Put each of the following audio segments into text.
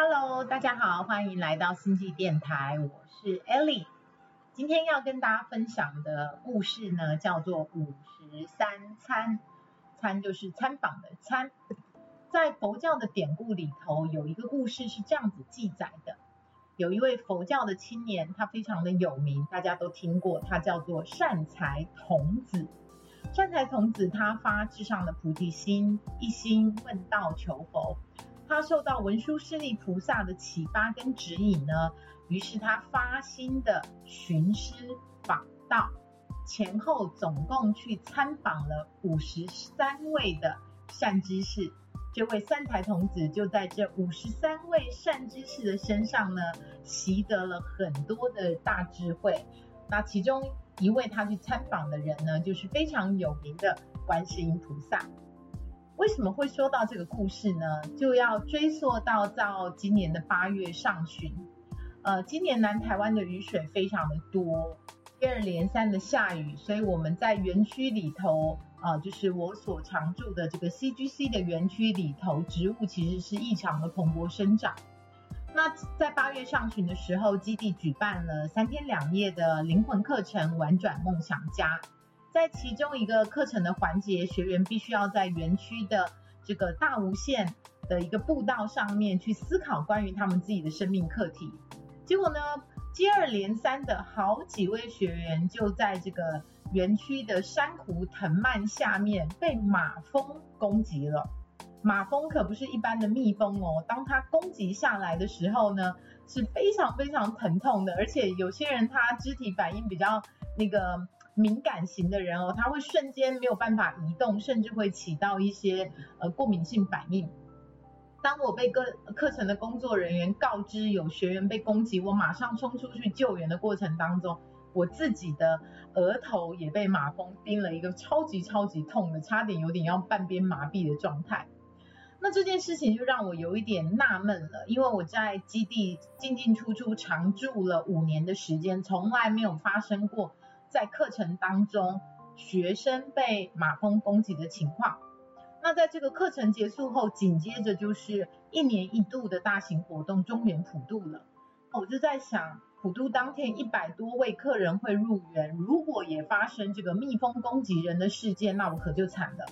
Hello，大家好，歡迎來到星際電台，我是 Ellie。今天要跟大家分享的故事呢，叫做五十三參，參就是參訪的參。在佛教的典故裡頭，有一個故事是這樣子記載的：有一位佛教的青年，他非常的有名，大家都聽過，他叫做善財童子。善財童子他發至上的菩提心，一心問道求佛。他受到文殊師利菩薩的啟發跟指引呢，於是他發心的尋師訪道，前後總共去參訪了五十三位的善知識。這位善財童子就在這五十三位善知識的身上呢，習得了很多的大智慧。那其中一位他去參訪的人呢，就是非常有名的觀世音菩薩。為什麼會說到這個故事呢？就要追溯到到今年的八月上旬，呃，今年南台灣的雨水非常的多，接二連三的下雨，所以我們在園區裡頭，啊、呃，就是我所常住的這個 CGC 的園區裡頭，植物其實是異常的蓬勃生長。那在八月上旬的時候，基地舉辦了三天兩夜的靈魂課程，玩轉夢想家。在其中一個課程的環節，學員必須要在園區的這個大無限的一個步道上面去思考關於他們自己的生命課題。結果呢，接二連三的好幾位學員就在這個園區的珊瑚藤蔓下面被馬蜂攻擊了。馬蜂可不是一般的蜜蜂哦，當它攻擊下來的時候呢，是非常非常疼痛的，而且有些人他肢體反應比較那個。敏感型的人哦，他會瞬間沒有辦法移動，甚至會起到一些呃過敏性反應。當我被個課程的工作人員告知有學員被攻擊，我馬上衝出去救援的過程當中，我自己的額頭也被馬蜂叮了一個超級超級痛的，差點有點要半邊麻痹的狀態。那這件事情就讓我有一點納悶了，因為我在基地進進出出常住了五年的時間，從來沒有發生過，在課程當中，學生被馬蜂攻擊的情況。那在這個課程結束後，緊接着就是一年一度的大型活動中元普渡了。我就在想，普渡當天一百多位客人會入園，如果也發生這個蜜蜂攻擊人的事件，那我可就慘了。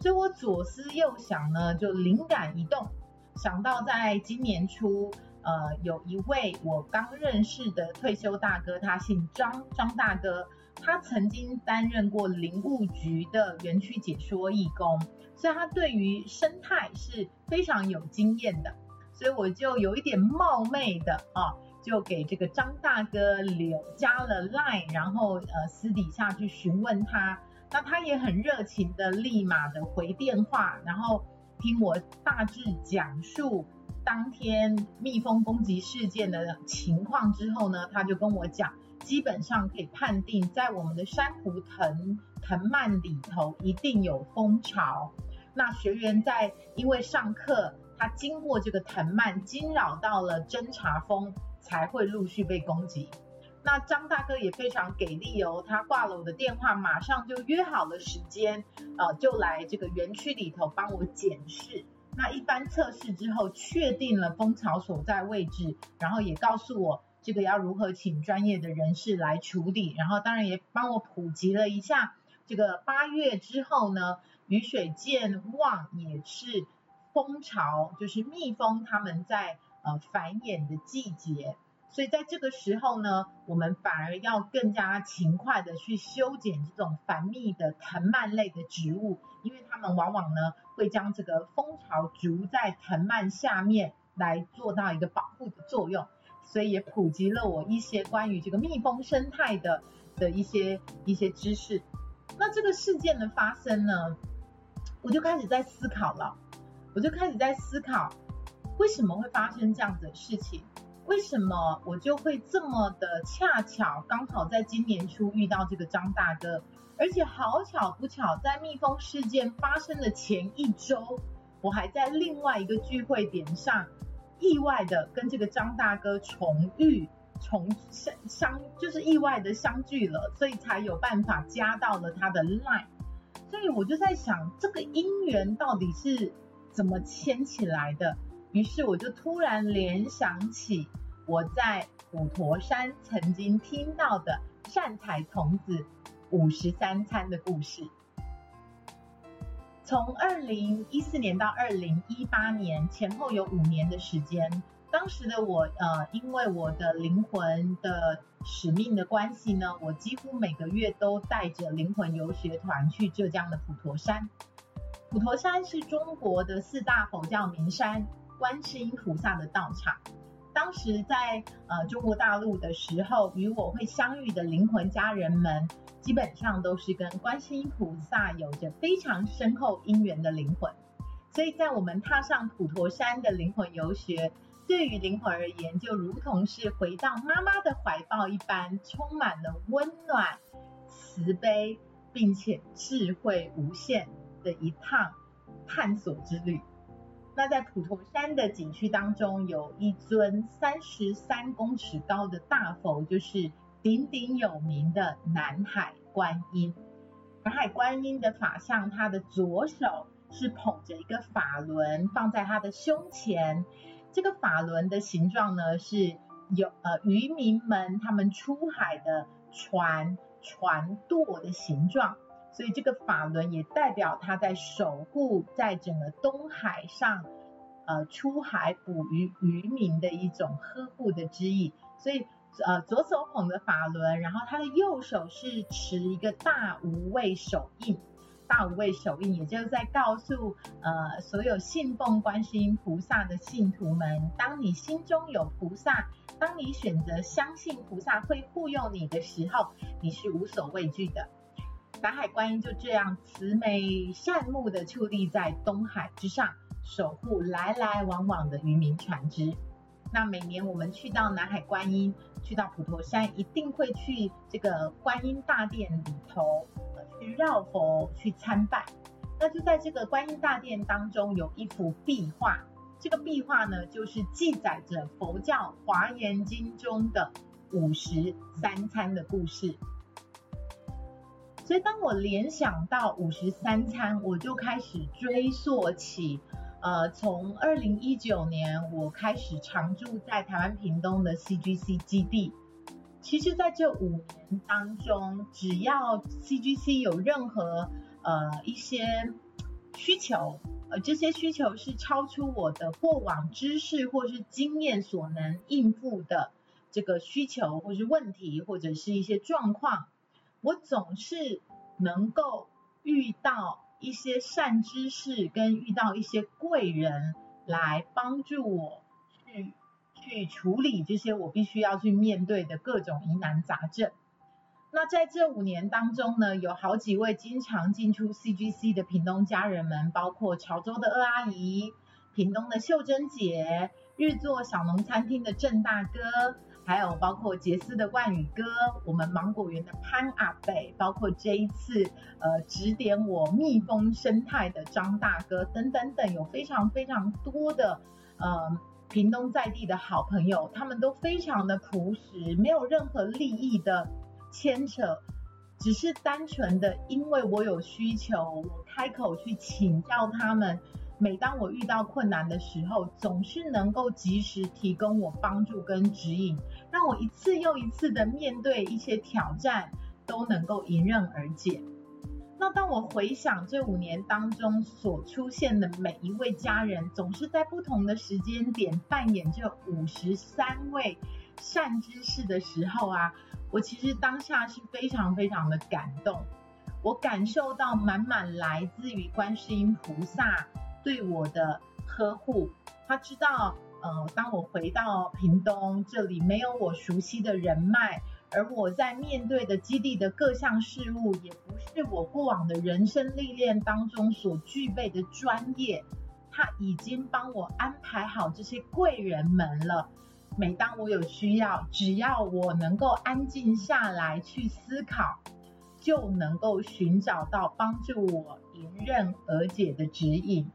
所以我左思右想呢，就靈感一動，想到在今年初。呃，有一位我剛認識的退休大哥，他姓張，張大哥，他曾經擔任過林務局的園區解說義工，所以他對於生態是非常有經驗的。所以我就有一點冒昧的啊，就給這個張大哥留加了 line，然後呃私底下去詢問他。那他也很熱情的，立馬的回電話，然後聽我大致講述當天蜜蜂攻擊事件的情況之後呢，他就跟我講，基本上可以判定，在我們的珊瑚藤藤蔓裡頭一定有蜂巢。那學員在因為上課，他經過這個藤蔓驚擾到了偵察蜂，才會陸續被攻擊。那張大哥也非常給力哦，他掛了我的電話，馬上就約好了時間，呃，就來這個園區裡頭幫我檢視。那一般測試之後，確定了蜂巢所在位置，然後也告訴我這個要如何請專業的人士來處理，然後當然也幫我普及了一下這個八月之後呢，雨水漸旺，也是蜂巢，就是蜜蜂它們在呃繁衍的季節，所以在這個時候呢，我們反而要更加勤快的去修剪這種繁密的藤蔓類的植物，因為它們往往呢，會將這個蜂巢築在藤蔓下面來做到一個保護的作用，所以也普及了我一些關於這個蜜蜂生態的的一些一些知識。那這個事件的發生呢，我就開始在思考了，我就開始在思考，為什麼會發生這樣子的事情？為什麼我就會這麼的恰巧剛好在今年初遇到這個張大哥？而且好巧不巧，在蜜蜂事件發生的前一周，我還在另外一個聚會點上，意外的跟這個張大哥重遇、重相相，就是意外的相聚了，所以才有辦法加到了他的 Line。所以我就在想，這個因緣到底是怎麼牽起來的？於是我就突然聯想起我在普陀山曾經聽到的善財童子。五十三參的故事，從二零一四年到二零一八年前後有五年的時間。當時的我，呃，因為我的靈魂的使命的關係呢，我幾乎每個月都帶着靈魂遊學團去浙江的普陀山。普陀山是中國的四大佛教名山，觀世音菩薩的道場。當時在呃中國大陸的時候，與我會相遇的靈魂家人們，基本上都是跟觀世音菩薩有着非常深厚因緣的靈魂，所以在我們踏上普陀山的靈魂遊學，對於靈魂而言，就如同是回到媽媽的懷抱一般，充滿了溫暖、慈悲，並且智慧無限的一趟探索之旅。那在普陀山的景區當中，有一尊三十三公尺高的大佛，就是鼎鼎有名的南海觀音。南海觀音的法像，他的左手是捧着一個法輪，放在他的胸前。這個法輪的形狀呢，是有呃漁民們他們出海的船船舵的形狀。所以這個法輪也代表他在守護，在整個東海上，呃，出海捕魚漁民的一種呵護的之意。所以，呃，左手捧着法輪，然後他的右手是持一個大無畏手印。大無畏手印，也就是在告訴呃所有信奉觀世音菩薩的信徒們，當你心中有菩薩，當你選擇相信菩薩會護佑你的時候，你是無所畏懼的。南海觀音就這樣慈眉善目的矗立在東海之上，守護來來往往的漁民船只。那每年我們去到南海觀音，去到普陀山，一定會去這個觀音大殿裡頭去繞佛去參拜。那就在這個觀音大殿當中，有一幅壁畫。這個壁畫呢，就是記載着佛教《華嚴經》中的五十三參的故事。所以，當我聯想到五十三參，我就開始追溯起，呃，從二零一九年我開始常住在台灣屏東的 CGC 基地。其實，在這五年當中，只要 CGC 有任何呃一些需求，呃，這些需求是超出我的過往知識或是經驗所能應付的這個需求，或是問題，或者是一些狀況。我總是能夠遇到一些善知識，跟遇到一些貴人來幫助我去，去去處理這些我必須要去面對的各種疑難雜症。那在這五年當中呢，有好幾位經常進出 CGC 的屏東家人們，包括潮州的二阿姨、屏東的秀珍姐、日做小農餐廳的鄭大哥。還有包括傑斯的冠宇哥，我們芒果園的潘阿伯，包括這一次呃指點我蜜蜂生態的張大哥等等等，有非常非常多的呃屏東在地的好朋友，他們都非常的樸實，沒有任何利益的牽扯，只是單純的因為我有需求，我開口去請教他們。每當我遇到困難的時候，總是能夠及時提供我幫助跟指引。讓我一次又一次的面對一些挑戰都能夠迎刃而解。那當我回想這五年當中所出現的每一位家人，總是在不同的時間點扮演這五十三位善知識的時候啊，我其實當下是非常非常的感動，我感受到滿滿來自於觀世音菩薩對我的呵護，他知道。呃，當我回到屏東這裡，沒有我熟悉的人脈，而我在面對的基地的各項事務，也不是我過往的人生歷練當中所具備的專業。他已經幫我安排好這些貴人們了。每當我有需要，只要我能夠安靜下來去思考，就能夠尋找到幫助我迎刃而解的指引。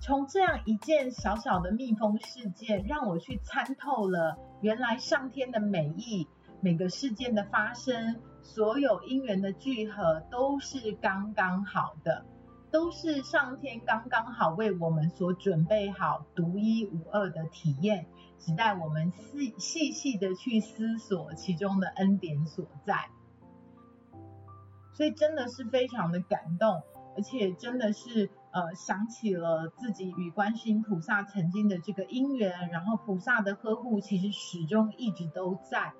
從這樣一件小小的蜜蜂事件，讓我去參透了原來上天的美意，每個事件的發生，所有因緣的聚合都是剛剛好的，都是上天剛剛好為我們所準備好獨一無二的體驗，只待我們細細細的去思索其中的恩典所在。所以真的是非常的感動，而且真的是。呃，想起了自己與觀世音菩薩曾經的這個因緣，然後菩薩的呵護其實始終一直都在，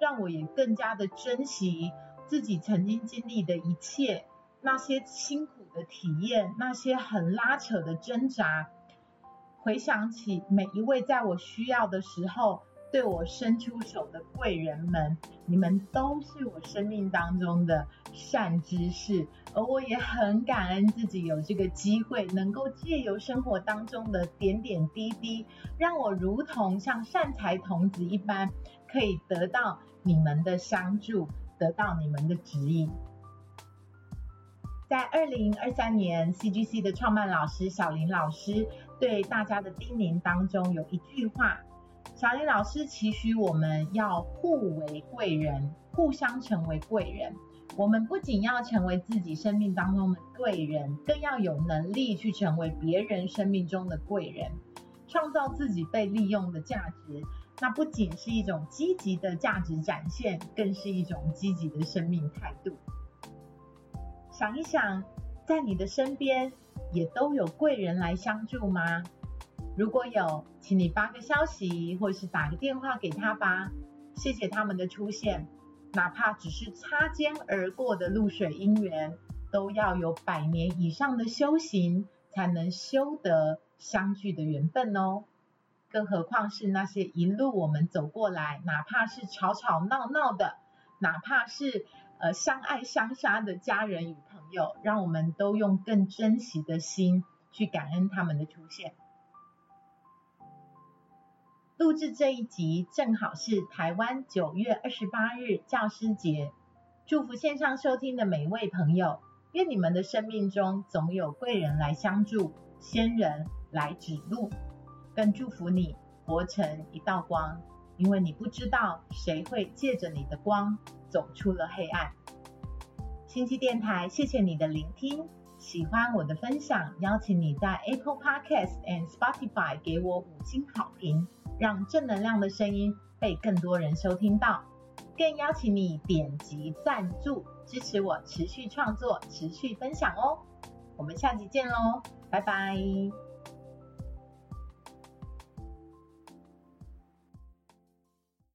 讓我也更加的珍惜自己曾經經歷的一切，那些辛苦的體驗，那些很拉扯的掙扎，回想起每一位在我需要的時候。對我伸出手的貴人們，你們都是我生命當中的善知識，而我也很感恩自己有這個機會，能夠借由生活當中的點點滴滴，讓我如同像善財童子一般，可以得到你們的相助，得到你們的指引。在二零二三年 CGC 的創辦老師小林老師對大家的叮嚀當中，有一句話。小林老師期許我們要互為貴人，互相成為貴人。我們不僅要成為自己生命當中的貴人，更要有能力去成為別人生命中的貴人，創造自己被利用的價值。那不僅是一種積極的價值展現，更是一種積極的生命態度。想一想，在你的身邊也都有貴人來相助嗎？如果有，請你發個消息，或者是打個電話給他吧。謝謝他們的出現，哪怕只是擦肩而過的露水姻緣，都要有百年以上的修行才能修得相聚的緣分哦。更何況是那些一路我們走過來，哪怕是吵吵鬧鬧的，哪怕是呃相愛相殺的家人與朋友，讓我們都用更珍惜的心去感恩他們的出現。錄製這一集正好是台灣九月二十八日教師節，祝福線上收聽的每一位朋友，願你們的生命中總有貴人來相助，仙人來指路，更祝福你活成一道光，因為你不知道誰會借着你的光走出了黑暗。星際電台，謝謝你的聆聽，喜歡我的分享，邀請你在 Apple Podcast and Spotify 給我五星好評。讓正能量的聲音被更多人收聽到，更邀請你點擊贊助支持我持續創作、持續分享哦。我們下期見嘍，拜拜。